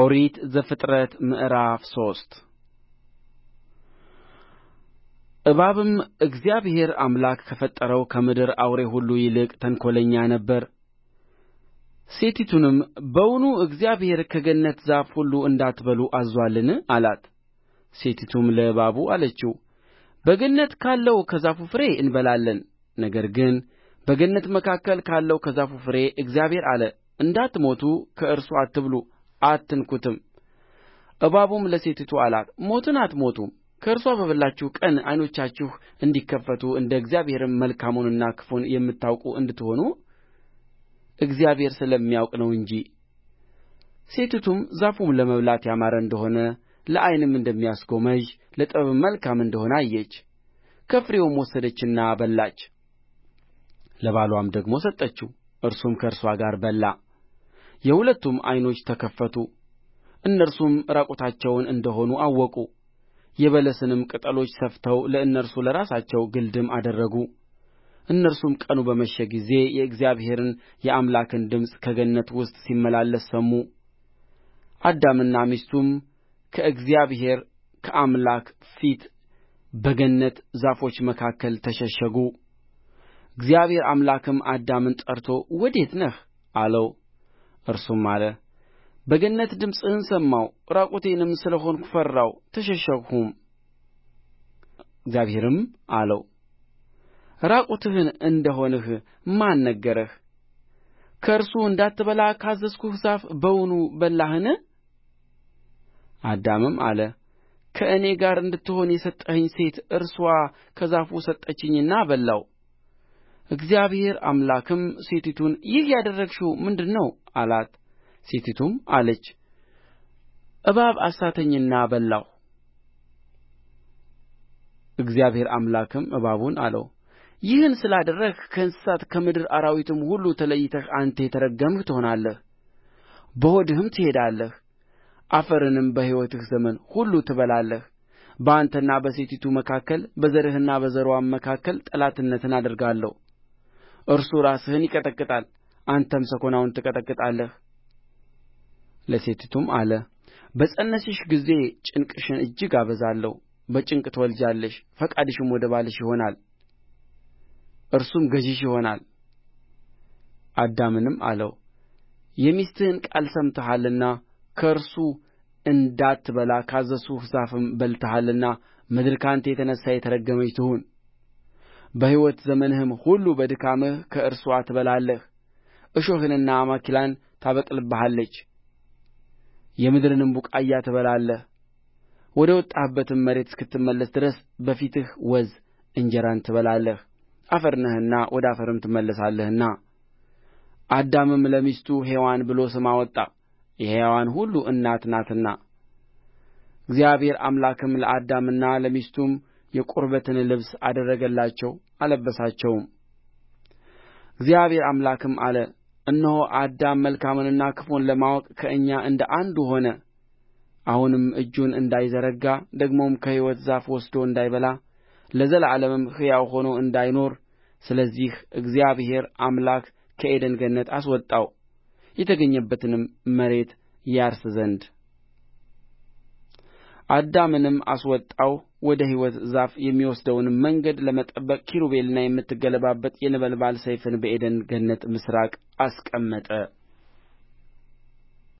ኦሪት ዘፍጥረት ምዕራፍ ሶስት እባብም እግዚአብሔር አምላክ ከፈጠረው ከምድር አውሬ ሁሉ ይልቅ ተንኰለኛ ነበረ ሴቲቱንም በውኑ እግዚአብሔር ከገነት ዛፍ ሁሉ እንዳትበሉ አዝዞአልን አላት ሴቲቱም ለእባቡ አለችው በገነት ካለው ከዛፉ ፍሬ እንበላለን ነገር ግን በገነት መካከል ካለው ከዛፉ ፍሬ እግዚአብሔር አለ እንዳትሞቱ ከእርሱ አትብሉ አትንኩትም እባቡም ለሴቲቱ አላት ሞትን አትሞቱም ከእርስዋ በበላችሁ ቀን ዓይኖቻችሁ እንዲከፈቱ እንደ እግዚአብሔርም መልካሙንና ክፉን የምታውቁ እንድትሆኑ እግዚአብሔር ስለሚያውቅ ነው እንጂ ሴቲቱም ዛፉም ለመብላት ያማረ እንደ ሆነ ለዓይንም እንደሚያስጎመጅ ለጥበብም መልካም እንደ ሆነ አየች ከፍሬውም ወሰደችና በላች ለባልዋም ደግሞ ሰጠችው እርሱም ከእርስዋ ጋር በላ የሁለቱም ዓይኖች ተከፈቱ እነርሱም ራቁታቸውን እንደ ሆኑ አወቁ የበለስንም ቅጠሎች ሰፍተው ለእነርሱ ለራሳቸው ግልድም አደረጉ እነርሱም ቀኑ በመሸ ጊዜ የእግዚአብሔርን የአምላክን ድምፅ ከገነት ውስጥ ሲመላለስ ሰሙ አዳምና ሚስቱም ከእግዚአብሔር ከአምላክ ፊት በገነት ዛፎች መካከል ተሸሸጉ እግዚአብሔር አምላክም አዳምን ጠርቶ ወዴት ነህ አለው እርሱም አለ በገነት ድምፅህን ሰማሁ ዕራቁቴንም ስለ ሆንሁ ፈራሁ ተሸሸግሁም እግዚአብሔርም አለው ዕራቁትህን እንደ ሆንህ ማን ነገረህ ከእርሱ እንዳትበላ ካዘዝሁህ ዛፍ በውኑ በላህን አዳምም አለ ከእኔ ጋር እንድትሆን የሰጠኸኝ ሴት እርስዋ ከዛፉ ሰጠችኝና በላው እግዚአብሔር አምላክም ሴቲቱን ይህ ያደረግሽው ምንድር ነው አላት ሴቲቱም አለች እባብ አሳተኝና በላሁ እግዚአብሔር አምላክም እባቡን አለው ይህን ስላደረግህ ከእንስሳት ከምድር አራዊትም ሁሉ ተለይተህ አንተ የተረገምህ ትሆናለህ በሆድህም ትሄዳለህ አፈርንም በሕይወትህ ዘመን ሁሉ ትበላለህ በአንተና በሴቲቱ መካከል በዘርህና በዘርዋም መካከል ጠላትነትን አደርጋለሁ እርሱ ራስህን ይቀጠቅጣል አንተም ሰኮናውን ትቀጠቅጣለህ ለሴቲቱም አለ በፀነስሽ ጊዜ ጭንቅሽን እጅግ አበዛለሁ በጭንቅ ትወልጃለሽ ፈቃድሽም ወደ ባልሽ ይሆናል እርሱም ገዥሽ ይሆናል አዳምንም አለው የሚስትህን ቃል ሰምተሃልና ከእርሱ እንዳትበላ ካዘዝሁህ ዛፍም በልተሃልና ምድር ከአንተ የተነሣ የተረገመች ትሁን በሕይወት ዘመንህም ሁሉ በድካምህ ከእርስዋ ትበላለህ እሾህንና አሜከላን ታበቅልብሃለች የምድርንም ቡቃያ ትበላለህ ወደ ወጣህበትም መሬት እስክትመለስ ድረስ በፊትህ ወዝ እንጀራን ትበላለህ አፈር ነህና ወደ አፈርም ትመለሳለህና አዳምም ለሚስቱ ሔዋን ብሎ ስም አወጣ የሕያዋን ሁሉ እናት ናትና እግዚአብሔር አምላክም ለአዳምና ለሚስቱም የቁርበትን ልብስ አደረገላቸው አለበሳቸውም እግዚአብሔር አምላክም አለ እነሆ አዳም መልካምንና ክፉን ለማወቅ ከእኛ እንደ አንዱ ሆነ አሁንም እጁን እንዳይዘረጋ ደግሞም ከሕይወት ዛፍ ወስዶ እንዳይበላ ለዘላለምም ሕያው ሆኖ እንዳይኖር ስለዚህ እግዚአብሔር አምላክ ከዔድን ገነት አስወጣው የተገኘበትንም መሬት ያርስ ዘንድ አዳምንም አስወጣው ወደ ሕይወት ዛፍ የሚወስደውንም መንገድ ለመጠበቅ ኪሩቤልንና የምትገለባበጥ የነበልባል ሰይፍን በዔድን ገነት ምሥራቅ አስቀመጠ